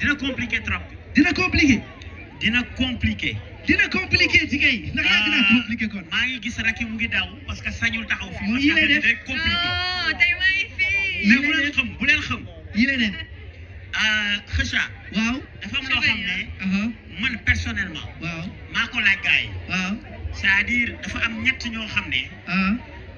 dina compliqué trop. dina compliqué. dina compliqué. dina compliqué ci kay. ndax yaa ngi naa compliqué kon. maa ngi gis rek mu ngi daw parce que sañul taxaw fii. yii lay def parce que non oh, tey maa ngi fii. mais bu leen xam bu leen xam. yii lay def. Ah, Kheucha. waaw dafa am loo xam ne. man personnellement. waaw maa ko laaj gars yi. waaw c'est-à-dire dafa am ñett ñoo xam ne. ah,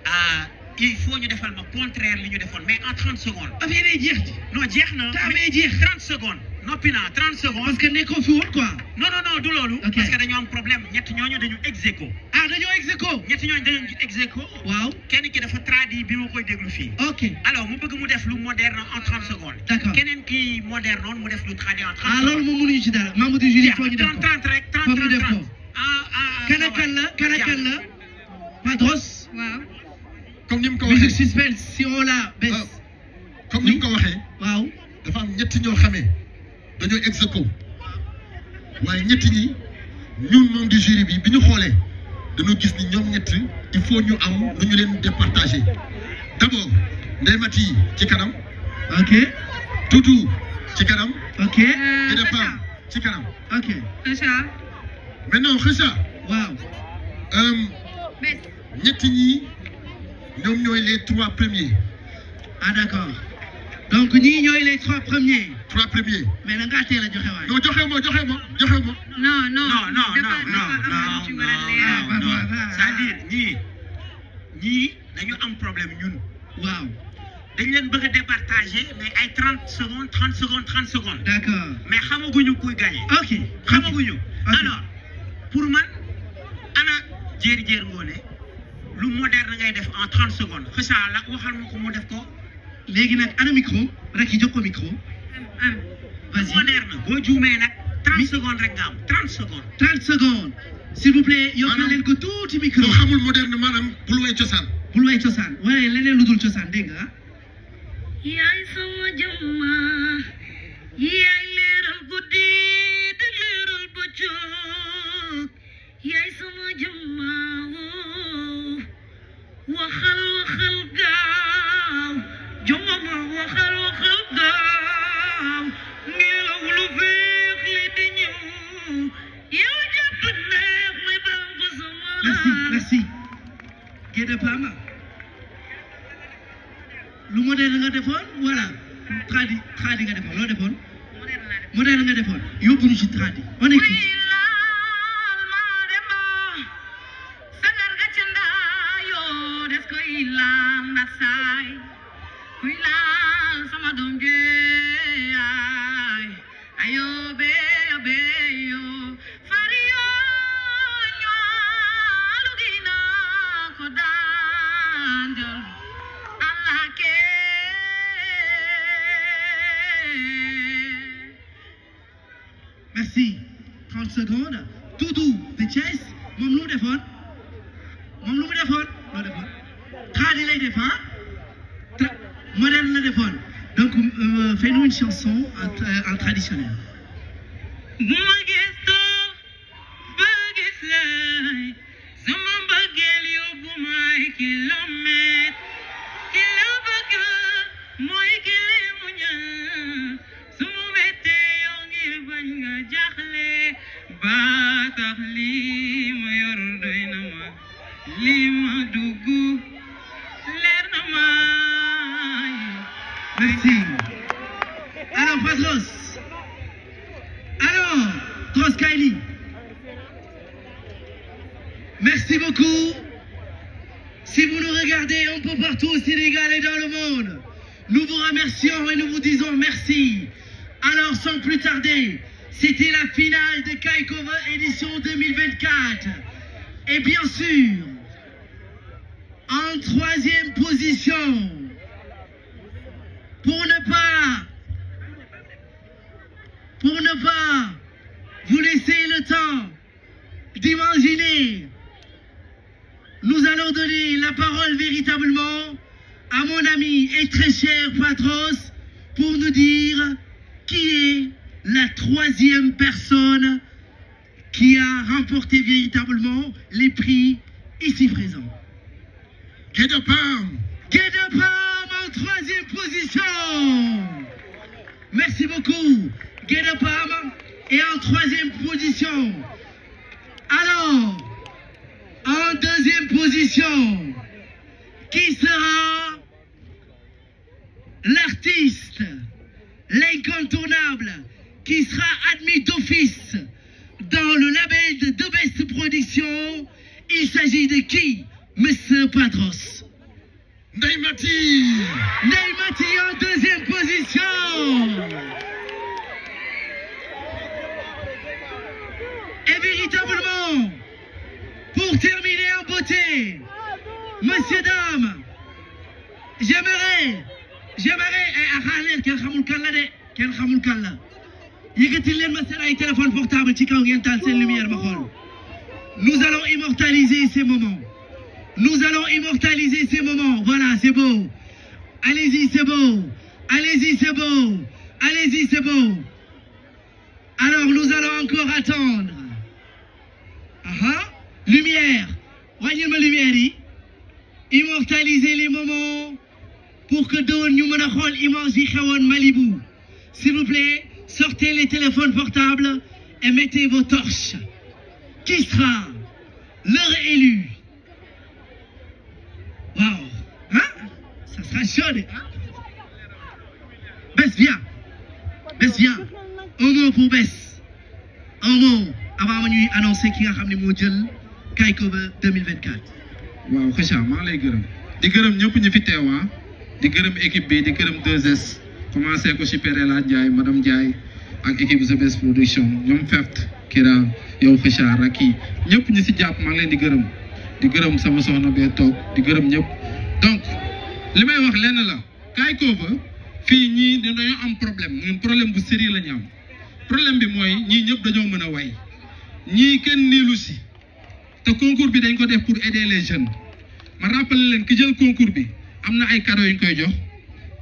ah il faut ñu defal ma contraire li ñu defoon mais en 30 secondes. affaire yi jeex. non jeex na. taa bee jeex 30 secondes. noppi naa 30 secondes. parce que nekkoo fi woon quoi. non non non du loolu. parce que dañoo am problème ñett ñooñu dañu ex aequo. ah dañoo ex aequo. ñett ñooñu dañu ex aequo. waaw kenn ki dafa traduit bi ma koy déglu fii. ok alors mu bëgg mu def lu moderne en 30 secondes. d' accord keneen ki moderne noonu mu def lu traduit en 30 secondes. ah loolu moom mënuñu ci dara Mamadou Julie foo ñu def ko 30 rek 30 30 30. ah ah kana kan la kana kan la Padros. waaw. comme ni mu ko waxee musique suspense si on la baisse. Ah. comme ni mu ko waxee. waaw dafa am ñett ñoo xamee. dañoo ex aequo waaye ñett ñi ñun moom di jury bi bi ñu xoolee dama gis ni ñoom ñett il faut ñu am lu ñu leen départager d'abord Ndeye ci kanam. ok Toutou ci kanam. ok Ida euh, ci kanam. ok Kheucha. maintenant waaw. Euh, ñett ñi ñoom ñooy les trois premiers. ah donc ñii ñooy les trois premiers. trois premiers. mais na ngaa teel a joxe waay. non joxe ma joxe ma joxe ma. non non non non non non non c'est-à-dire ñii ñii dañu am problème ñun. waaw dañ leen bëgg a départager mais ay trente secondes trente secondes trente secondes. d'accord mais xamaguñu kuy gagner. ok xamaguñu. alors pour man ana jéer jéer ngoone lu moderne ngay def en trente secondes xëy la waxal ma ko mu def ko. léegi nag ana micro rek yi jox ko micro. Ah, ah. vas-y boo leer na boo juumee nag. 30 secondes rek nga am 30 secondes. 30 secondes s'il vous plaît. yokkal leen ko tuuti micro. boo xamul moderne maanaam bul way cosaan. bul way cosaan waaye leneen lu dul cosaan dégg nga yaay sama jëmma yaay leeral guddi nga defoon voilà tradi tradi nga defoon loo defoon. moderne nga defoon yóbbu ñu ci tradi on est. We love Maasai. We love. Barcelone 2-2 te Thiès moom lu mu defoon moom lu mu defoon loo defoon xaadi lay def ah modèle la defoon donc euh, fais-nous une chanson euh, en traditionnel. tax lii ma yor doy na ma lii ma dugg leer na ma merci alors Patros alors Tros Kaili merci beaucoup si vous nous regardez un peu partout au Sénégal et dans le monde nous vous remercions et nous vous disons merci alors sans plus tarder C'était la finale de Kaikova édition Et bien sûr, en troisième position, pour ne pas, pour ne pas vous laisser le temps d'imaginer, nous allons donner la parole véritablement à mon ami et très cher Patros pour nous dire qui est la troisième personne qui a remporté véritablement les prix ici présents. Quai de Pomme Quai de Pomme en troisième position Merci beaucoup Quai de Pomme est en troisième position. Alors, en deuxième position, qui sera qui sera admis d'office dans le label de Debest Production. Il s'agit de qui, Monsieur Patros Neymati Neymati en deuxième position Et véritablement, pour terminer en beauté, Monsieur Dame, j'aimerais, j'aimerais, eh, eh, yëkkatil leen ma seen ay téléphone portable ci kaw ngeen taal seen lumière ma xool nous allons immortaliser ces moments nous allons immortaliser ces moments voilà c'est beau allez-y c'est beau allez-y c'est beau allez nous allons encore attendre aha ah. lumière wàññil ma lumière yi immortaliser les moments pour que doon ñu mën a xool image yi xewoon Malibu s'il vous plaît sortez les téléphones portables et mettez vos torches. Qui sera leur élu Waouh Hein Ça sera chaud, hein Bess, viens Bess, viens Un mot pour Bess Un mot avant ñuy annoncer ki nga xam ne moo jël Kaay Cover 2024. waaw Kheucha maa ngi lay di gërëm ñëpp ñu fi teew ah. di gërëm équipe bi di gërëm 2S. commencé ko Chipérella Ndiaye madame Ndiaye ak équipe The Best Production ñoom Feft Kira yow Fichar ak kii ñëpp ñi si jàpp maa ngi leen di gërëm di gërëm sama soxna bee toog di gërëm ñëpp donc li may wax lenn la kaay kooba fii ñii dañoo am problème problème bu sérieux la ñu am problème bi mooy ñii ñëpp dañoo mën a way ñii kenn niilu si te concours bi dañ ko def pour aider les jeunes ma rappelé leen ki jël concours bi am na ay cadeaux yu ñu koy jox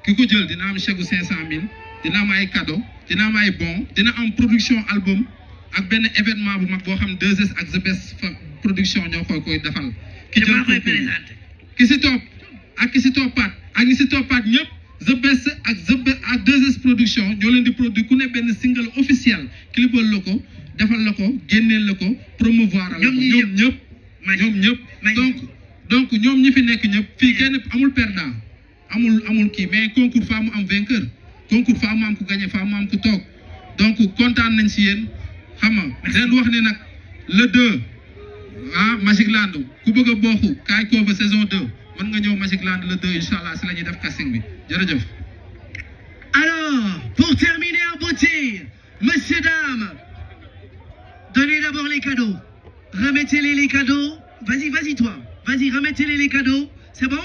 ki ko jël dina am chèque cinq cent mille dina am ay cadeau dina am ay bon dina am production album ak benn événement bu mag boo xam 2S ak The production ñoo koy koy defal. ki si topp ak ki si toppaat ak ñi si toppaat ñëpp The ak The Best ak 2 production ñoo leen di produit ku ne benn single officiel clipal la ko defal na ko génneel la ko promouvoir la ko ñoom ñëpp ñoom ñëpp donc donc ñoom ñi fi nekk ñëpp fii eh. kenn amul perdant amul amul kii mais concours faa mu am vainqueur concours faa mu am ku gagné faa mu am ku toog donc kontaan nañ si yéen xam nga leen wax ne nag le 2 ah Magic ku bëgg a bokk kaay Koba saison 2 mën nga ñëw Magic le 2 incha si la def casting bi jërëjëf. Alors, pour terminer en beauté, messieurs, dames, donnez d'abord les cadeaux. Remettez-les cadeaux. Vas-y, toi. Vas-y, les cadeaux. C'est bon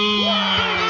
Hallelujah.